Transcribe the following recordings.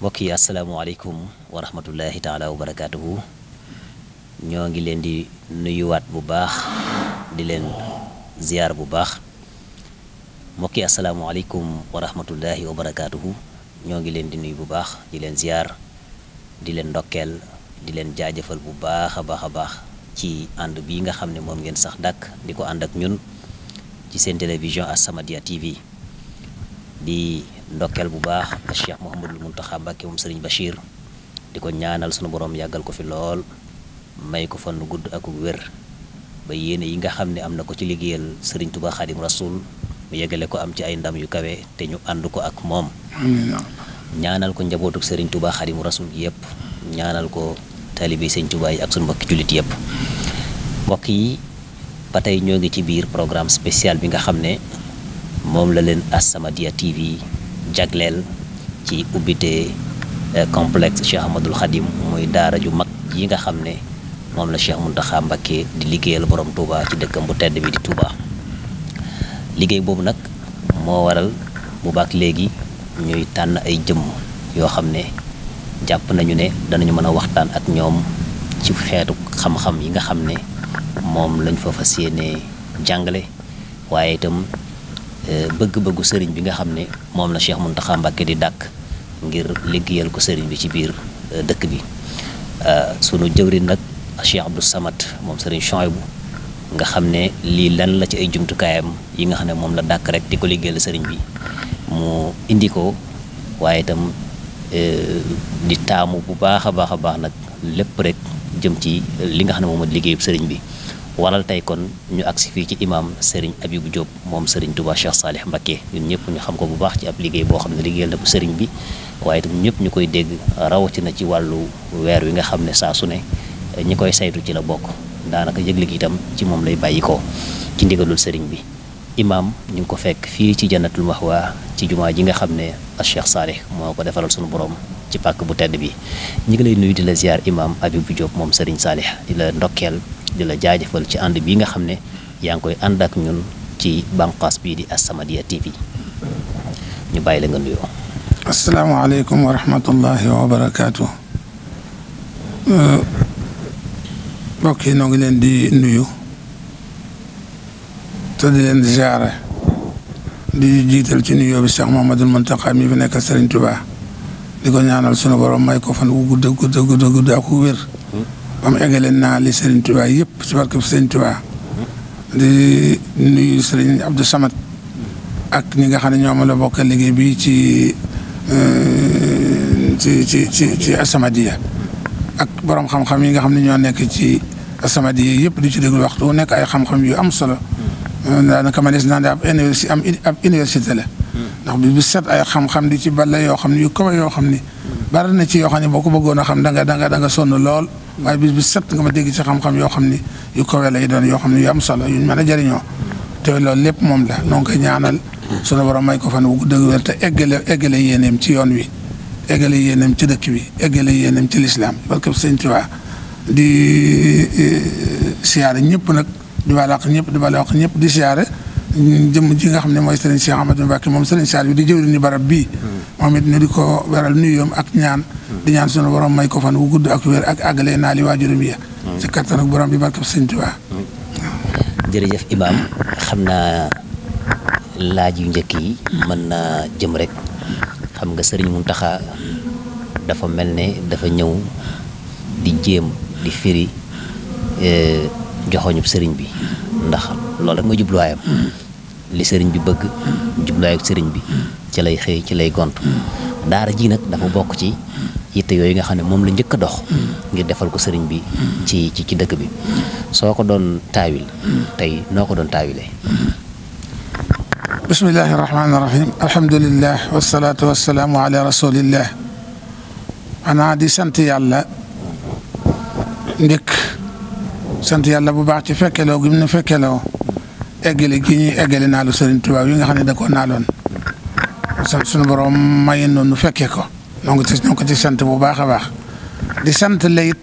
mbokk yi asalaamaaleykum wa rahmatullahi taala wa barakaatuhu ñoo ngi leen di nuyuwaat bu baax di leen ziyaar bu baax mbokk yi asalaamaaleykum wa rahmatullahi wa barakaatuhu ñoo ngi leen di nuyu bu baax di leen ziyaar di leen ndokkeel di leen jaajëfal bu baax a baax a baax ci ànd bii nga xam ne moom ngeen sax dàkk di ko ànd ak ñun ci seen télévision As-Samadiyya TV di ndokkeel bu baax a lu Mouhamadul Mountakha Mbacké moom Serigne Bachir di ko ñaanal sunu boroom yàggal ko fi lool may ko fa fan gudd ak wér ba yéene yi nga xam ne am na ko ci liggéeyal Serigne Touba Khadim Rasoul mu yegale ko am ci ay ndam yu kawe te ñu ànd ko ak moom. ñaanal ko njabootuk Serigne Touba Khadim Rasoul gi yëpp ñaanal ko taalibe Serigne Touba yi ak sunu mbokki jullit yëpp mbokk yi ba tey ñoo ngi ci biir programme spécial bi nga xam ne. moom la leen As-Samadiyya TV jagleel ci ubbite eh, complexe Cheikh Ahmadul Khadim muy daara ju mag yi nga xam ne moom la Cheikh Mountakha Mbacké di liggéeyal borom Touba ci dëkkam bu tedd bi di Touba liggéey boobu nag moo waral bu baax léegi ñuy tànn ay jëm yoo xam ne jàpp nañu ne danañu mën a waxtaan ak ñoom ci xeetu xam-xam yi nga xam ne moom lañ fa fas yéenee jàngale waaye itam Eh, bëgg-bëggu sëriñ bi nga xam ne moom la Cheikh Mountakha Mbacké di dàkk ngir liggéeyal ko sëriñ bi ci biir eh, dëkk bi eh, sunu jëwrin nag Cheikh bu samat moom sëriñ Chouaïbou nga xam ne lii lan la ci ay jumtukaayam yi nga xam ne moom la dàkk rek di ko liggéeyal sëriñ bi mu indi ko waaye itam di taamu bu baax a baax a baax nag lépp rek jëm ci li nga xam ne moom liggéeyub sëriñ bi waral tey kon ñu agsi fii ci imaam Serigne Abibou Diop moom Serigne Touba Cheikh Salih Mbacké ñun ñëpp ñu xam ko bu baax ci liggéey boo xam ne liggéeyal na bu bi waaye itam ñëpp ñu koy dégg rawatina ci wàllu weer wi nga xam ne saa su ne ñi koy saytu ci la bokk daanaka yëgle gi itam ci moom lay bàyyi ko ci ndigalul Serigne bi. imaam ñu ngi ko fekk fii ci wax waa ci jumaa ji nga xam ne Cheikh Salih moo ko defaral sunu borom ci pàkk bu tedd bi ñu ngi lay nuyu di la ziar imaam Abibou Diop moom Serigne Salih di la ndokkeel. di la jaajëfal ci ànd bi nga xam ne yaa ngi koy ànd ak ñun ci bànqaas bii di As-Samadiyya TV ñu bàyyi la nga nuyoo. asalaamaaleykum wa rahmatullahi wa barakaatu. Euh, mbokk yi ngi leen di nuyu. te di leen ziare. di jiital ci nuyoo bi Cheikh Mouhamadul Mountakha mi fi nekk Serigne Touba. di ko ñaanal sunu borom may ko fan wu gudd gudd gudd gudd ak wér. ba mu eggalee naa li Serigne Touba yëpp ci barkeb Serigne Touba di nuyu Serigne Samad ak ñi nga xam ne ñoom la bokk liggéey bi euh, ci ci ci ci ci Asamadiya ak borom xam-xam yi nga xam ne ñoo nekk ci Asamadiya yëpp di ci déglu waxtu nekk ay xam-xam yu am solo. daanaka ma des naa ne ab am ab université la. ndax bi bu set ay xam-xam di ci balla yoo xam ne yu kaw yoo xam ni. bari na ci yoo xam ne boo ko bëggoon xam da nga da nga sonn lool. waaye bis bu set nga ma dégg ci xam-xam yoo xam ni yu kawe lay doon yoo xam ni yu am solo yuñ mën a jëriñoo te loolu lépp moom la noo ngi koy ñaanal sunu borom may ko fan wu dëgg wér te eggale eggale yéeneem ci yoon wi eggale yéeneem ci dëkk bi eggale yéeneem ci lislaam barke sëñ Tuubaa di eh, siyaare ñëpp nag di bala wax ñëpp di bala wax ñëpp di siyaare jëmm ji nga xam ne mooy Serigne Cheikh Ahmadou Mbacké moom Serigne jëw di jëwriñu barab bii hmm. moom it ne di ko waral yoom ak ñaan di ñaan sunu borom may ko fan wu gudd ak wér ak àggalee naa li waajuram ya mm. ci kattan ak borom bi barke sëñ Tuubaa mm. jërëjëf imaam xam naa laaj yu njëkk yi mën naa jëm rek xam nga sëriñ Muntaxa dafa mel ne dafa ñëw di jéem di firi e, joxoñub sëriñ bi ndax loolu rek mooy jubluwaayam mm. li sëriñ bi bëgg jubluwaayu sëriñ bi ci lay xëy ci lay gont daara ji nag dafa bokk ci yitte yooyu nga xam ne moom la njëkk dox mm. ngir defal ko sëriñ bi mm. ci ci ci dëkk bi soo ko doon taawil mm. tey noo ko doon taawilee bismillahi irrahmani irrahim alhamdulilah wasalaatu wasalaamu ala rasulillah xanaa di sant yàlla njëkk sant yàlla bu baax ci fekkeloo gi mu nu fekkeloo eggale gi ñuy eggale naalu Sëriñ Tuubaa yi nga xam ne da koo naaloon sant sunu borom maye noonu nu fekkee ko ñoo ngi ci ñoo ko ci sant bu baax a baax di sant la it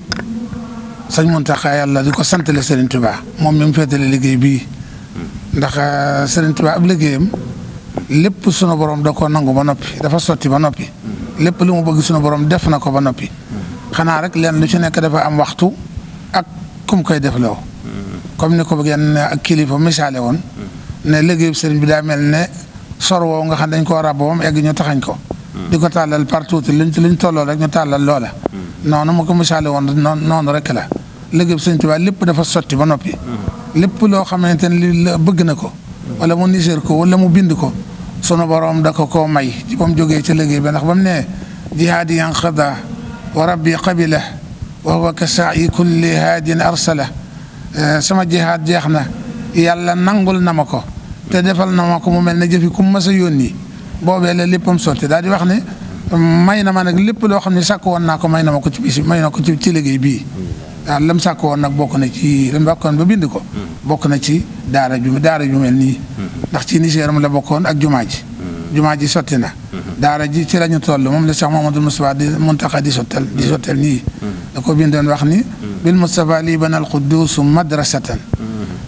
sëñ Mountakha yàlla di ko sant la Serigne Touba moom mi mu féetale liggéey bi ndax euh, sëriñ tubaa ab liggéeyam lépp sunu borom da koo nangu ba noppi dafa sotti ba noppi lépp lu mu bëgg sunu borom def na ko ba noppi xanaa rek leen lu ci nekk dafa am waxtu ak kum koy def loo comme ni ko bëggeen ak kilifa misaale woon ne liggéeyu sëriñ bi daa mel ne sor woowu nga xam dañ koo ràbb ba mu egg ñu taxañ ko. di ko tàllal partout luñ luñ tolloo rek ñu tàllal loola. noonu ma ko misaale woon noonu noonu rek la liggéey bi Sëñ Tuubaa lépp dafa sotti ba noppi. lépp loo xamante ne li bëgg na ko. wala mu niseer ko wala mu bind ko. sunu boroom da ko koo may ci ba mu ci liggéey bi ndax ba nee jihaadi yanqada wa rabbi qabila wa huwa ka saa'i kulli haadin arsala eh, sama jihaad jeex na yàlla nangul na ma ko. te defal na ma ko mu mel ne jëfi ku mu mës a boobe la léppam sotti daal di wax ne may na ma nag lépp loo xam ne sàkk woon naa ko may na ma ko ci bis may na ko ci ci liggéey bii waaw lam nag bokk na ci lam bokkoon bind ko bokk na ci daara ju daara ju mel nii ndax ci Nigeeram la bokkoon ak jumaa ji jumaa ji sotti na daara ji ci lañu toll moom la Cheikh Mouhamadoul Moustapha di Muntaxa di sottal di sottal nii da ko bindoon wax ni bil Moustapha lii bana al quddus madrasatan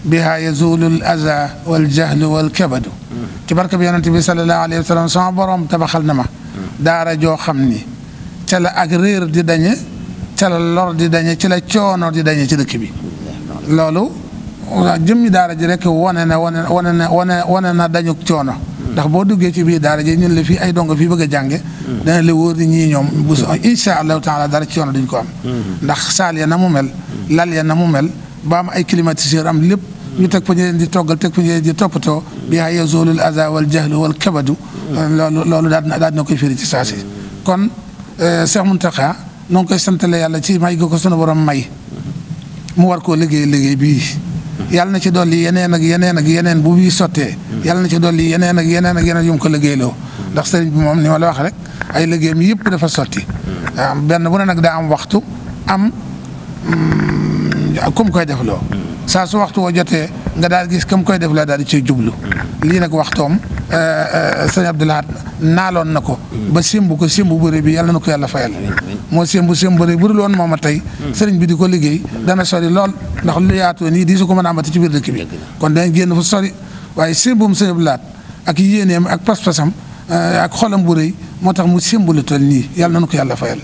biha yazulu al aza wal jahlu wal kabadu ci barke bi yonente bi sallallahu alayhi wa sallam sama borom tabaxal na ma daara joo xam ni ca la ak réer di dañe ca lor di dañe ci la coono di dañe ci dëkk bi loolu jëmmi daara ji rek wane na wane wane na wane wane na dañu coono ndax boo duggee ci biir daara ji ñun la fii ay dongo fii bëgg a jànge dana la wóor ni ñii ñoom bu insha allahu taala dara coono duñ ko am ndax saal ya na mu mel lal ya na mu mel ba ay climatiseur am lépp ñu teg fa ñu di toggal teg fa ñu leen di toppatoo bi yaa yazulul aza wal jahlu wal kabadu loolu loolu daal na daal na koy firi ci saa si kon eh, Cheikh Mountakha noo ngi koy santale yàlla ci may gi ko sunu borom may mu war koo liggéey liggéey bi yàlla na ci dolli yeneen ak yeneen ak yeneen bu bii sottee yàlla na ci dolli yeneen ak yeneen ak yeneen yu mu ko liggéeyloo ndax sëriñ bi moom ni ma la wax rek ay liggéeyam yëpp dafa sotti benn bu ne nag daa am waxtu am comme koy defloo saa su waxtu woo jotee nga daal gis kam koy def la daal di ciy jublu lii nag waxtoom eh, eh, sëñ Abdou Lahad naaloon na ko ba simb ko simb bëri bi yàlla na ko yàlla fayal moo simb simb bëri bëri loon moom a tey sëriñ bi di ko liggéey dana sori lool ndax lu yaatoo nii di su ko mën a amati ci biir dëkk bi kon dana génn fu sori waaye simbum sëñ Abdou Lahad ak yéeneem ak pas-pasam Euh, ak xolam bu rëy moo tax mu simbulu toll nii yàlla nañu ko yàlla fayal.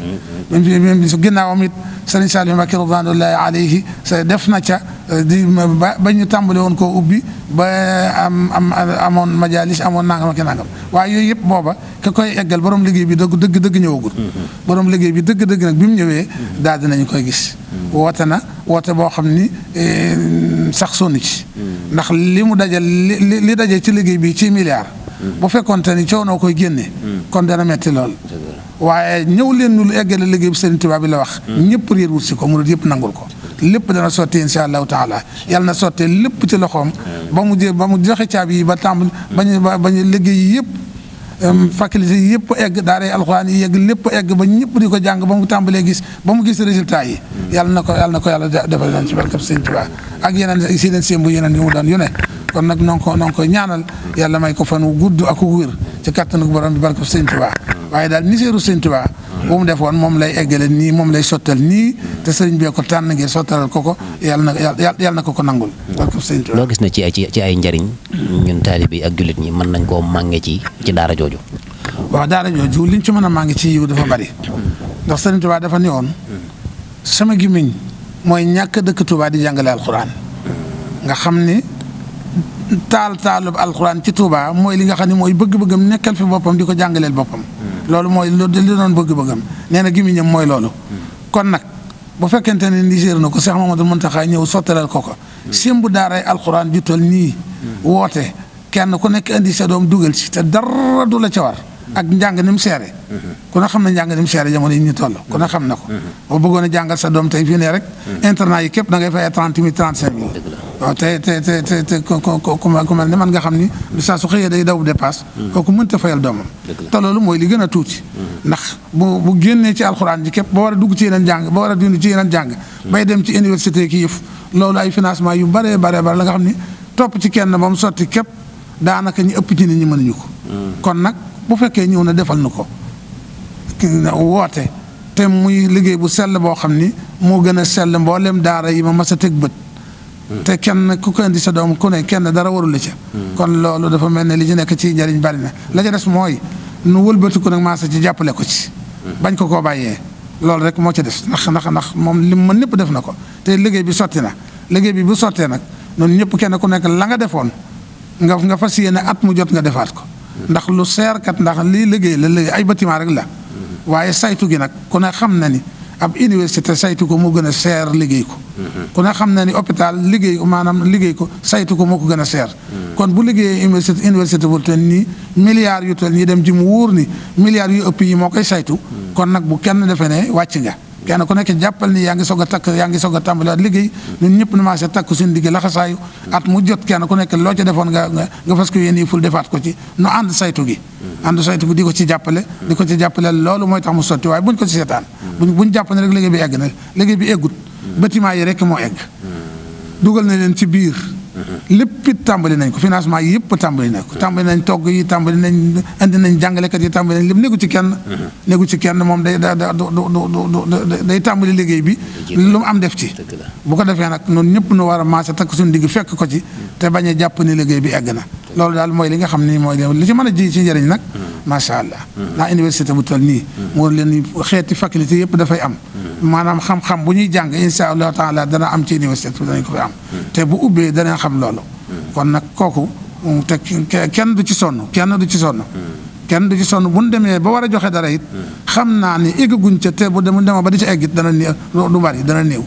même bi même su ginnaawam it sëriñ Saliou Mbacké ridwanullahi alayhi sa def na ca euh, di ba ba ñu tàmbale woon ko ubbi ba am am amoon majalis amoon nangam ak nangam waaye yooyu yëpp booba ka koy eggal borom liggéey bi dëgg dëgg dëgg ñëwagul. Mm-hmm. boroom liggéey bi dëgg dëgg nag bi mu ñëwee. Mm-hmm. daal dinañu koy gis. Mm-hmm. woote na woote boo xam ni eh, sax sonn ci. ndax li mu dajal li li daje ci liggéey bi ci milliard. bu fekkoonte ni coow noo koy génnee. kon dana metti lool. waaye ñëw leen nu eggale liggéey bu Sëriñ Tuubaa bi la wax. ñëpp réer wut si ko murid yëpp nangul ko. lépp dana sottee incha allahu taala yàlla na sottee lépp ci loxoom. ba mu jé ba mu joxe caab yi ba tàmbali. ba ñu ba ñu liggéey yëpp. faculté yëpp egg daaray alxuraan yi yegg lépp egg ba ñëpp di ko jàng ba mu tàmbalee gis ba mu gis résultat yi hmm. yàlla na ko yàlla na ko yàlla defal nañ ci barkab sëñ Tuubaa ak yeneen si leen sémbu yeneen yu doon yu ne kon nag noo ngi ko noo ngi koy ñaanal yàlla may ko fan wu gudd ak wér ci kattanu borom bi barkab sëñ Tuubaa waaye daal miseeru sëñ Tuubaa bu mu defoon moom lay eggale nii moom lay sottal nii te sëriñ bee ko tànn ngir sottalal ko ko yàlla na yàlla ko ko nangul loo gis na ci ay ci ay njariñ ñun taalibe ak jullit ñi mën nañ koo mànge ci ci daara jooju waaw daara jooju liñ ci mën a mànge ci yiw dafa bari ndax sëriñ Tuubaa dafa ne woon sama gimiñ mooy ñàkk dëkk tubaa di jàngale alxuraan nga xam ni taal taalub alxuraan ci Touba mooy li nga xam ne mooy bëgg-bëggam nekkal fi boppam di ko jàngaleel boppam. Hmm. loolu mooy lu li doon bëgg bëgga nee na gimiñam mooy loolu. Hmm. kon nag bu fekkente ne Niger na ko Cheikh Mamadou Mountakha ñëw sottalal ko ko. Hmm. simbu daaray alxuraan ju toll nii. woote kenn ku nekk indi sa doom dugal ci te dara du la ca war. ak njàng ni mu seere ku ne xam na njàng ni mu seere jamono yi ñu toll ku ne xam na ko boo bëggoon a sa doom tey fii ne rek internat yi képp da ngay fay trente mille trente cinq mille waaw te te te te ku ku mel ne man nga xam ni saa su xëyee day daw dépasse. Mm. kooku mënta fayal doomam. te loolu mooy li gën a tuuti. Mm. ndax bu bu génnee ci alxuraan ji képp ba war a dugg ci yeneen jàng ba war a dund ci yeneen jàng. Mm. bay dem ci université kii yëf loolu ay financement yu bare bare bare la nga xam ni topp ci kenn moom sotti képp daanaka ñu ëpp ci nit ñi mënuñu ko. kon nag bu fekkee ñëw na defal na ko woote te muy liggéey bu sell boo xam ni moo gën a sell mboolem daara yi ma mas a teg bët. te kenn ku ko indi sa doom ku ne kenn dara warul la ca. kon loolu dafa mel ne li ci nekk ci njariñ bari na la ca des mooy nu wëlbatiku nag maasa ci jàppale ko ci. bañ ko koo bàyyee loolu rek moo ca des ndax ndax ndax moom lim mën lépp def na ko te liggéey bi sotti na liggéey bi bu sottee nag noonu ñëpp kenn ku nekk la nga defoon nga nga fas ne at mu jot nga defaat ko. ndax lu seer kat ndax lii liggéey la liggéey ay bâtiment rek la. waaye saytu gi nag ku ne xam na ni ab université saytu ko moo gën a seer liggéey ko. Mm-hmm. ku ne xam na ni hôpital liggéey ko maanaam liggéey ko saytu ko moo ko gën a seer mm-hmm. kon bu liggéeyee université université bu toll nii milliards yu toll nii dem ji mu wóor ni milliards yu ëpp yi moo koy saytu mm-hmm. kon nag bu kenn defee ne wàcc nga kenn ku nekk jàppal ni yaa ngi soog a takk yaa ngi soog a tàmbaliwaat liggéey ñun ñëpp na maase takku suñu laxasaayu at mu jot kenn ku nekk loo ca defoon nga nga ko yéen yi ful defaat ko ci nu ànd saytu gi ànd saytu bi di ko ci jàppale loolu mooy tax mu sotti waaye buñ ko bâtiment yi rek moo egg dugal na leen ci biir lépp it tàmbali nañ ko financement yi yëpp tàmbali nañ ko tàmbali nañ togg yi tàmbali nañ indi nañ jàngalekat yi tàmbali nañ lépp néegu ci kenn néegu ci kenn moom day da da day tàmbali liggéey bi lu mu am def ci bu ko defee nag noonu ñëpp nu war a maase takk suñu digg fekk ko ci te bañ a jàpp ni liggéey bi egg na loolu daal mooy li nga xam ni mooy li ci mën a ji ci njëriñ nag mm. macha allah ndax université bu toll nii moo mm. leen xeeti faculté yëpp dafay am maanaam xam-xam bu ñuy jàng insha allahu taala dana am ci université bi danañ ko fi am. te bu ubbee dana xam loolu. kon nag kooku te kenn du ci sonn kenn du ci sonn. kenn du ci sonn bu ñu demee ba war a joxe dara it. xam naa ni eggaguñ ca te bu demee ba di ci egg dana néew du bari dana néew.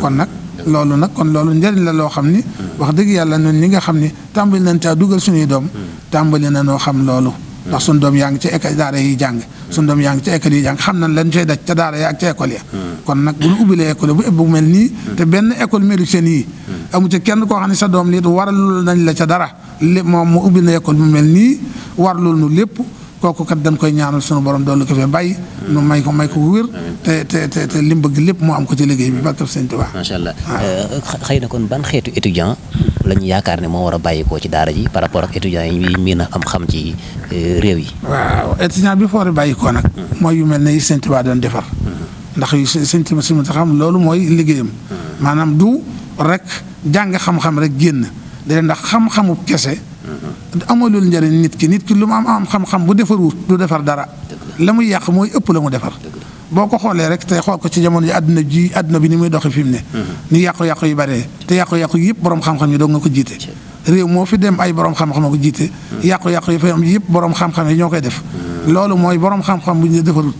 kon nag loolu nag kon loolu njëriñ la loo xam ni. wax dëgg yàlla ñun ñi nga xam ni tàmbali nañ caa dugal suñuy doom. tàmbali na noo xam loolu. ndax sun doom yaa ngi ci école daara yi jàng sun doom yaa ngi ci école yi jàng xam nañ lan cay daj ca daara ya ak ca école ya hmm. kon nag bu ñu ubbilee école bu ëpp mel nii hmm. te benn école melu nii yii hmm. amu ci kenn koo xam ne sa doom lii waralul nañ la ca dara lépp moom mu ubbi na école mu mel nii waralul nu lépp kooku kat dañ koy ñaanal sunu borom doon lu ko fee bàyyi. nu may ko may ko wér. te te te te li mu bëgg lépp moo am ko ci liggéey bi barkab Sëñ Tuubaa. macha allah euh, xëy na kon ban xeetu étudiant. lañu yaakaar ne moo war a bàyyi koo ci daara ji par rapport ak étudiant yi ñuy miin a am xam ci euh, réew yi. waaw étudiant bi foore bàyyi koo nag. Mm. mooy yu mel ne yi Sëñ Tuubaa doon defar. Mm. ndax yu Sëñ Tuubaa si xam loolu mooy liggéeyam. Mm. maanaam du rek jàng xam-xam rek génn. de ndax xam-xamu kese. amalul njëriñ nit ki nit ki lu mu am am xam-xam bu defar wut du defar dara la muy yàq mooy ëpp la mu defar boo ko xoolee rek tey xool ko ci jamono ji àdduna ji àdduna bi ni muy doxi fi mu ne ni yàqu-yàqu yu baree te yàqu-yàqu yëpp borom xam yi doog nga ko jiite réew moo fi dem ay borom xam-xam ko jiite yàqu-yàqu yi fa am yëpp borom xam yi ñoo koy def loolu mooy borom xam-xam bu ñu defarut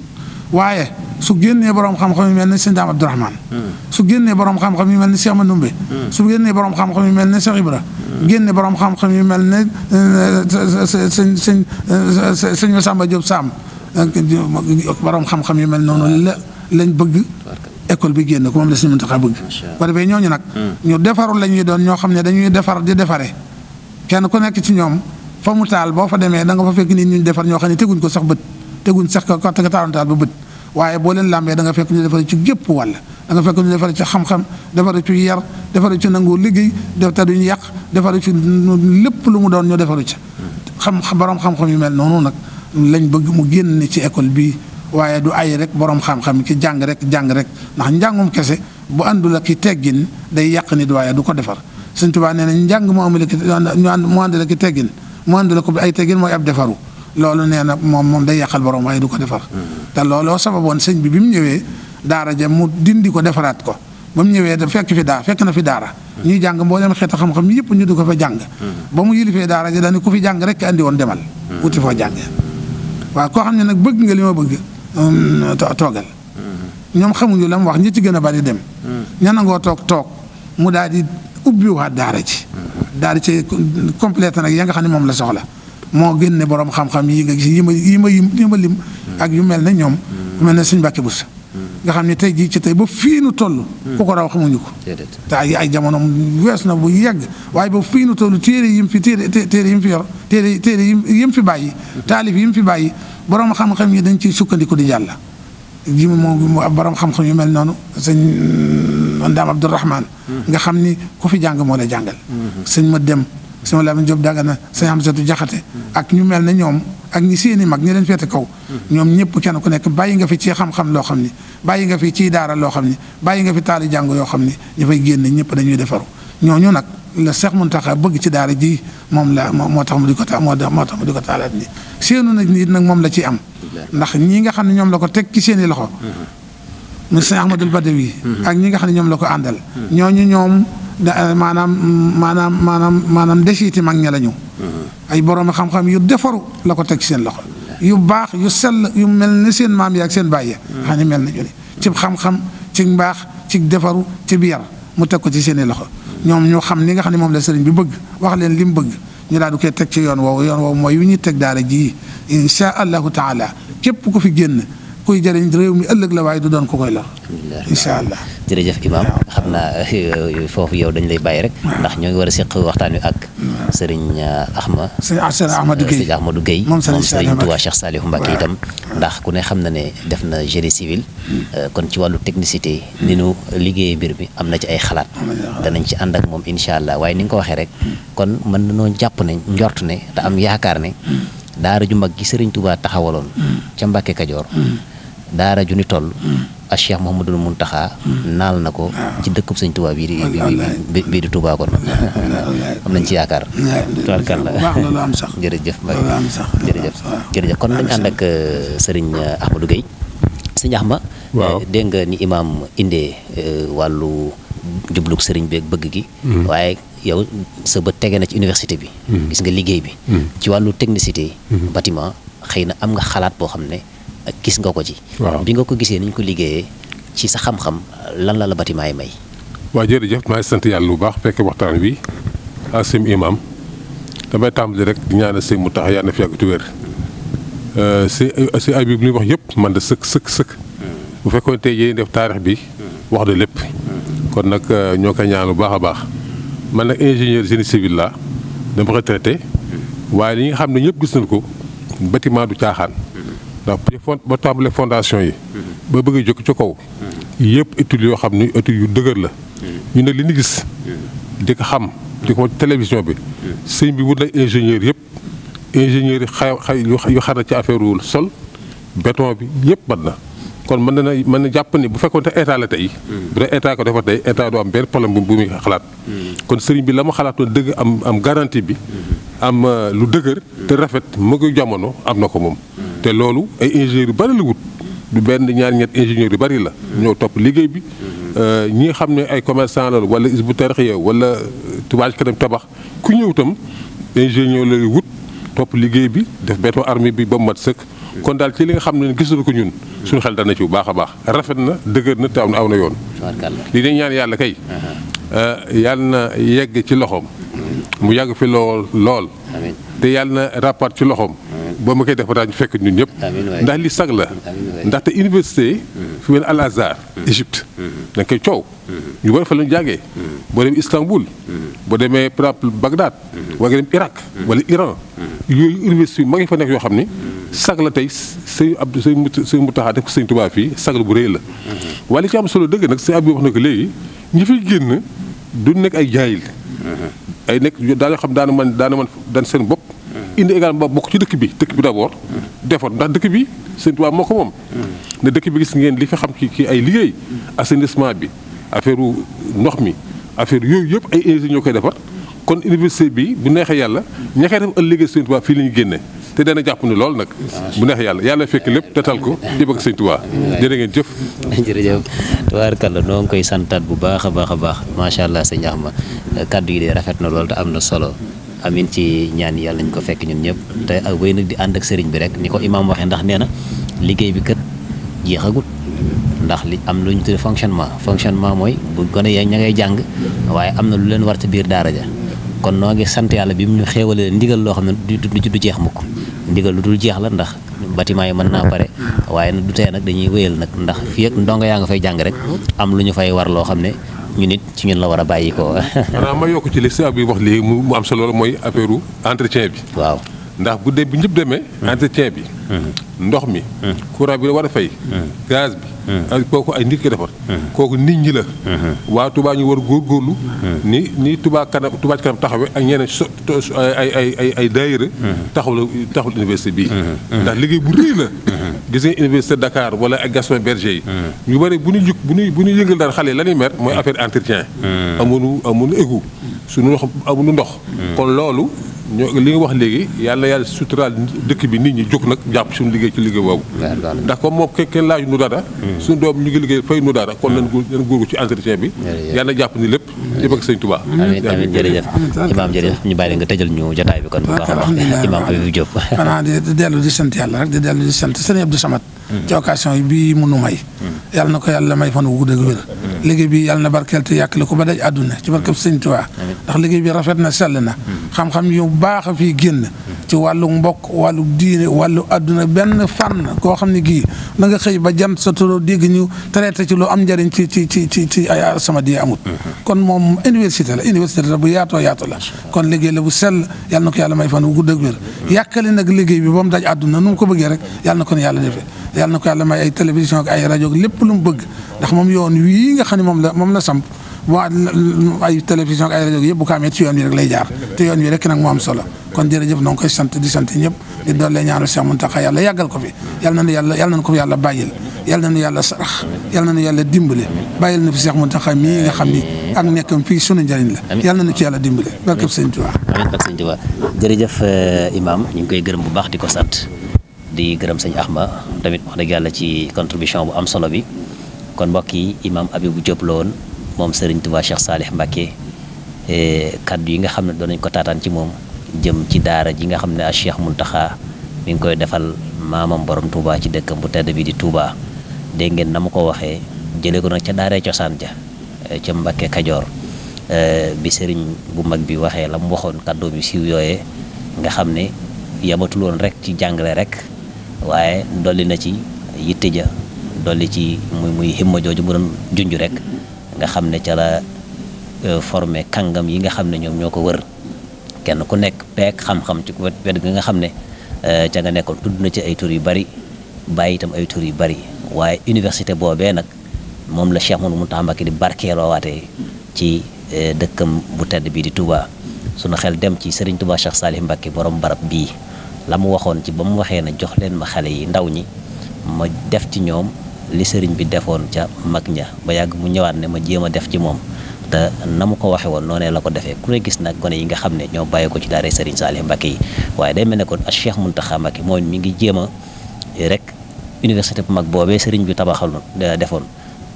waaye su génnee borom xam-xam yu mel ne sëñ Daam Abdourahmane su génnee borom xam-xam yu mel ne Cheikh Mandoumbe su génnee borom xam-xam yu mel ne Cheikh Ibra génne borom xam-xam yu mel ne sëñ sëñ sëñ Masamba Diop Sam borom xam yu mel noonu lañ bëgg école bi génn ko moom la sëñ Muntaxa bëgg ñooñu nag hmm. ñu defarul la ñuy doon ñoo xam ne dañuy defar di defare kenn ku nekk ci ñoom fa mu taal boo fa demee da nga fa fekk nii ñu defar ñoo xam ne teguñ ko sax bët teguñ sax ko ka taal ba bët waaye boo leen làmbee da nga fekk ñu defare ci gépp wàll da nga fekk ñu defare ci xam-xam defare ci yar defare ci nangoo liggéey def te duñu yàq defare ci lépp lu mu doon ñu defaru ci xam borom xam yu mel noonu nag lañ bëgg mu génn ci école bii waaye du ay rek borom xam-xam ki jàng rek jàng rek ndax njàngum kese bu àndul ak ki teggin day yàq nit waaye du ko defar Sëñ Tuubaa nee na njàng mu amul ki ñu ànd mu àndul ak ki teggin mu àndul ak ay teggin mooy ab defaru loolu nee na moom moom day yàqal borom waaye du ko defar. te looloo sababoon sëñ bi bi mu ñëwee daara ja mu dindi ko defaraat ko ba mu ñëwee da fekk fi daara fekk na fi daara. ñuy jàng mboolem xeetu xam-xam yëpp ñu di ko fa jàng. ba mu yilifee daara ja dañu ku fi jàng rek andi woon demal. wuti foo jàngee waaw koo xam ne nag bëgg nga li ma bëgg um, toogal. ñoom xamuñu la mu wax ñi ci gën a bari dem. ña nangoo toog toog mu daal di ubbiwaat daara ci. daal di ci complété nag ya nga xam ne moom la soxla. moo génne boroom xam-xam yi nga gis yi ma yi ma lim ak yu mel ne ñoom mm. ku mel ne suñ Mbàkke Busso mm. nga xam ne tey jii ci tey ba fii nu toll mm. ku ko raw xamuñu ko te ay ay jamono wees na bu yàgg waaye ba fii nu toll téere yi mu fi téere yi mu fi téere téere yi mu fi bàyyi mm-hmm. taalif yi mu fi bàyyi borom xam-xam yi dañ ciy sukkandiku di jàlla ji moom ab boroom xam-xam yu mel noonu sëñ Ndaam Abdourahman mm-hmm. nga xam ni ku fi jàng moo la jàngal mm-hmm. sëñ ma dem sëñ Lamine Diop Dagana sëñ Amsatou Diakhaté ñu mel ne ñoom ak ñi seeni mag ñi leen kaw ñoom ñëpp kenn ku nekk bàyyi nga fi ci xam-xam loo xam ni bàyyi nga fi ciy loo xam ni bàyyi nga fi taali jàng yoo xam ni ñu fay génn ñëpp dañuy defaru ñooñu nag la Cheikh Mountakha bëgg ci daara ji moom la moo tax mu di ko ta moo tax mu di ko taalaat ni seenu nag nit nag moom la ciy am ndax ñi nga xam ne ñoom la ko teg ci seeni loxo ma sëñ Ahmadul Badawi ak ñi nga xam ne ñoom la ko àndal ñooñu ñoom Eh, maanaam maanaam maanaam maanaam desiiti mag ña la ñu mm-hmm. ay borom xam-xam yu defaru la ko teg ci seen loxo yu baax yu sell yu mel ni seen maam yi ak seen bàyyi xam ne mel nañu ne cib xam-xam ci mbaax ci defaru ci biyar mu teg ko ci seen loxo mm-hmm. ñoom ñoo xam li nga xam ne moom la sëriñ bi bëgg wax leen li mu bëgg ñu daal du koy teg ci yoon woowu yoon woowu mooy yu ñuy teg daara ji incha allahu taala képp ku fi génn kuy jëriñ réew mi ëllëg la waaye du doon ku koy lor incha allah jërëjëf imaam xam naa foofu yow dañu lay bàyyi rek ndax ñoo ngi war a seq waxtaan wi ak sëriñ uh, Axma sëriñ Ahmadou Guèye sëriñ Ahmadou Guèye moom sëriñ Touba Cheikh Saliou Mbacke itam ndax ku ne xam na ne def na génie civil hmm. uh, kon ci wàllu technicité ni nu liggéeyee mbir bi am na ci ay xalaat danañ ci ànd ak moom incha allah waaye ni nga ko waxee rek hmm. kon mën noo jàpp ne njort ne te am yaakaar ne hmm. daara ju mag gi sëriñ Touba taxawaloon daara ju ni toll. a Cheikh Mouhamadul Mountakha. naal na ko ci dëkku sëñ Touba bii di bii bii kon. am nañ ci yaakaar. tubaarkàlla jërëjëf Mbaye jërëjëf jërëjëf kon nañ ànd ak euh, sëriñ Ahmadou Guèye. sëñ Ahma. waaw euh, dégg nga ni imaam indee euh, wàllu jubluk sëriñ beeg bëgg gi. Hmm. waaye yow sa bët tege na ci université bi. Hmm. gis nga liggéey bi. Hmm. ci wàllu technicité. bâtiment xëy na am nga xalaat boo xam ne. gis nga ko ci. waaw bi nga ko gisee ni ñu ko liggéeyee ci sa xam-xam lan la la bâtiment yi may. waaw jërëjëf maa ngi sant yàlla bu baax fekk waxtaan bi ak seen imam damay tàmbali rek di ñaanal seen mu tax yaa na fi yàgg wér euh, si si ay wax yëpp man da sëkk sëkk sëkk. Hmm. bu fekkoon tey yéen def taarix bi hmm. wax de lépp hmm. kon nag euh, ñoo koy ñaan bu baax a baax man nag ingénieur génie civil la dama retraité waaye li nga xam ne ñëpp gis nañ ko bâtiment du caaxaan. ndax ba tàmbale fondation yi. ba bëgg a jóg ci kaw. yëpp études yoo xam ni études yu dëgër la. ñu ne li ñu gis. di ko xam di ko ci télévision bi. sëñ bi wut na ingénieur yëpp. ingénieur yi xay xay yu xar na ci affaire wu sol béton bi yëpp man na. kon mën na mën na jàpp ni bu fekkoon te état la tey. bu dee état ko defa tey état du am benn problème bu muy xalaat. kon sëriñ bi la ma xalaatoon dëgg am am garantie bi. am euh, lu dëgër. te rafet mu ngi jamono am na ko moom. te loolu ay ingénieurs yu bari la wut du benn ñaar ñett ingénieur yu bari la. ñoo topp liggéey bi. Euh, ñi nga xam ne ay commerçant la wala Hizbut Tarqiyyah wala Touba Ca Kanam tabax ku ñëw itam ingénieur la wut topp liggéey bi def béton armé bi ba mu mat sëkk. kon daal ci li nga xam ne gisul ko ñun. suñu xel na ci bu baax a baax rafet na dëgër na te aw na aw na yoon. li dañ ñaan yàlla kay. Euh, yàlla na yegg ci loxoom. mu yàgg fi lool lool. te yàlla na rapport ci loxoom. ba ma koy def ñu fekk ñun ñëpp. ndax li sag la. ndaxte université. Mm-hmm. fi mel Al Azhar. Mm-hmm. Égypte. Mm-hmm. da nga koy coow. ñu bari fa la ñu jàngee. boo demee Istanbul. boo demee par exemple Bagdad. wala nga dem Irak. wala Iran. yooyu université yu mag yi fa nekk yoo xam ni. sag la tey sëñ Abdou sëñ Mouta sëñ Moutaxa def ko sëñ Tuubaa fii sag la bu rëy la. waaye li ci am solo dëgg nag sëñ Abdou wax na ko léegi ñu fi génn du nekk ay jaayil. ay nekk daana xam daana man daana man daan seen bopp indi également bokk ci dëkk bi dëkk bi d'abord defar ndax dëkk bi Sëñ Tuubaa moo ko moom ne dëkk bi gis ngeen li fi xam ci ci ay liggéey assainissement bi affaire u ndox mi affaire yooyu yëpp ay ingénieurs ñoo koy defar kon université bi bu neexee yàlla ña koy def ëllëgee Sëñ Tuubaa fii la ñu génne te dana jàpp ni lool nag bu neex yàlla yàlla fekk lépp tatal ko ci bëgg sëñ Tuubaa jërë ngeen jëf jërëjëf tubaarkàlla noo koy santaat bu baax a baax a baax macha allah sëñ Axma kàddu yi de rafet na lool am na solo amin ci ñaan yi yàlla ñu ko fekk ñun ñëpp te ak wéy nag di ànd ak sëriñ bi rek ni ko imaam waxee ndax nee na liggéey bi kët jeexagut ndax li am lu ñu tuddee fonctionnement fonctionnement mooy bu gone ya ña ngay jàng waaye am na lu leen war ci biir daara ja kon noo ngi sant yàlla bi mu ñu xéewalee ndigal loo xam ne du jeex mukk ndigal lu dul jeex la ndax bâtiment yi mën naa pare waaye nag du tee nag dañuy wéyal nag ndax fii ak ndongo yaa nga fay jàng rek am lu ñu fay war loo xam ne ñu nit ci ñun la war a bàyyi ko. maanaam ma yokk ci li bi wax léegi mu am solo mooy affaire entretien bi waaw. ndax bu dee bi ñëpp demee. Hmm. entretien bi. Hmm. ndox mi. Hmm. courant bi la war a fay. gaz bi. kooku ay nit ki defar. kooku nit ñi la. waa tubaa ñu war a góorgóorlu. ni ni Touba kanam Touba ci kanam taxawee ak ñeneen so ay ay ay ay daayira. taxawul taxawul université bii. ndax liggéey bu rëy la. gis université Dakar wala ak Gaston Berger yi. ñu bëri bu ñu jug bu ñu bu ñu yëngal daal xale la ñuy mer mooy affaire entretien. amuñu amuñu égout. suñu ndox ndox. kon loolu ñoo li nga wax léegi yàlla yàlla suturaal dëkk bi nit ñi jóg nag jàpp suñu liggéey ci liggéey boobu ndax comme moom kenn laaju nu dara hmm. suñu doom ñu ngi liggéey fay nu dara kon nan hmm. nan góorgu ci entretien bi yàlla hmm. la nga tëjal bi kon bu baax a baax imaam Habib may yàlla na ko yàlla may fan wu gudd wér liggéey bi yàlla na barkeel te yàkkale ko ba daj àdduna ci barkeb sëñ Tuubaa ndax liggéey bi rafet na sell na xam-xam yu baax a fii génn ci wàllu mbok wàllu diine wàllu adduna benn fànn koo xam ne gii da nga xëy ba jant sa turoo dégg ñu traité ci lu am njëriñ ci ci ci ci ci ay sama di amut mhm. kon moom université la université la bu yaatoo yaatu la kon liggéey la bu sell yàlla na ko yàlla may fan bu gudd ak wér mhm. yàkkali nag liggéey bi ba daj àdduna nu mu ko bëggee rek yàlla na ko ne yàlla defee yàlla ko yàlla may ay télévision ak ay rajo lépp lu mu bëgg ndax moom yoon wii nga xam ne moom la moom la samp waa ay télévision ak ay rajo yëpp bu ko amee ci yoon wi rek lay jaar te yoon wi rek nag moo am solo kon jërëjëf noo koy sant di sant ñëpp di doole ñaanu Cheikh Mountakha yàlla yàggal ko fi yàlla nañu yàlla yàlla nañu ko fi yàlla bàyyil yàlla nañu yàlla sarax yàlla nañu yàlla dimbale bàyyil na fi Cheikh Mountakha mii nga xam ni ak nekkam fii sunu njëriñ la yàlla nañu ci yàlla dimbale barkeb sëñ Tuubaa amiin barkeb sëñ Tuubaa jërëjëf euh, imam ñu ngi koy gërëm bu baax di ko sant di gërëm sëñ Ahma tamit wax dëgg yàlla ci contribution bu am solo bi kon mbokk yi imam Abibou Diop la woon moom Serigne Touba Cheikh Salih Mbacke kaddu yi nga xam ne doon nañ ko taataan ci moom jëm ci daara ji nga xam ne a Cheikh Mountakha mi ngi koy defal maamam borom Touba ci dëkkam bu tedd bi di Touba dégg ngeen na ma ko waxee jëlee ko nag ca daaree cosaan ja e, ca Mbacke Kajoor e, bi sëriñ bu mag bi waxee la mu waxoon kaddu bi siiw yooyee nga xam ne yamatul woon rek ci jàngale rek waaye dolli na ci yitte ja dolli ci muy muy himma jooju mu doon junj rek. nga xam ne ca la euh, formé kàngam yi nga xam ne ñoom ñoo ko wër kenn ku nekk peek xam-xam ci wet gi nga xam ne euh, ca nga nekkoon tudd na ci ay tur yu bari bàyyi itam ay tur yu bari waaye université boobee nag moom la Cheikh Mouhamadou Mountakha Mbacké di barkeeloo barkeeloowaatee ci euh, dëkkam bu tedd bii di Touba sunu xel dem ci Serigne Touba Cheikh Salih Mbacké borom barab bii la mu waxoon ci ba mu waxee na jox leen ma xale yi ndaw ñi ma def ci ñoom. li sëriñ bi defoon ca mag ña ba yàgg mu ñëwaat ne ma jéem a def ci moom te na mu ko waxee woon noonee la ko defee ku ne gis nag gone yi nga xam ne ñoo bàyyi ko ci daara sëriñ Saliou Mbacké yi waaye day mel ne kon ak Cheikh Mountakha Mbacké moom mi ngi jéema rek université bu mag boobee sëriñ bi tabaxal defoon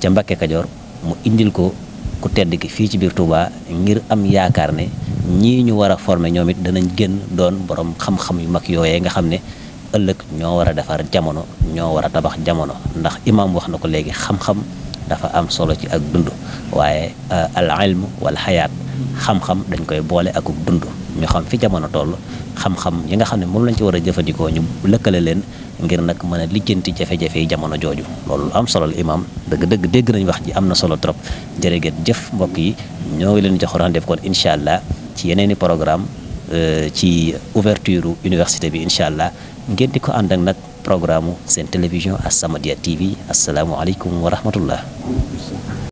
ca Mbacké Kajoor mu indil ko ku tedd ki fii ci biir Touba ngir am yaakaar ne ñii ñu war a former ñoom it danañ génn doon borom xam-xam yu mag yooyee nga xam ne ëllëg ñoo war a defar jamono ñoo war a tabax jamono ndax imaam wax na ko léegi xam-xam dafa am solo ci ak dund waaye euh, al ilm wal xayaat xam-xam dañ koy boole ak dund ñu xam fi jamono toll xam-xam yi nga xam ne moom lañ ci war a jëfandikoo ñu lëkkale leen ngir nag mën a lijjanti jafe-jafe yi jamono jooju loolu am solo la imaam dëgg-dëgg dégg nañ wax ji am na solo trop jërëjëf jëf mbokk yi ñoo leen jox rendez-vous kon incha allah ci yeneen i programme euh, ci ouverture université bi incha allah. ngeen di ko ànd ak nag programme seen télévision As-Samadiyya TV asalaamualeykum wa rahmatullah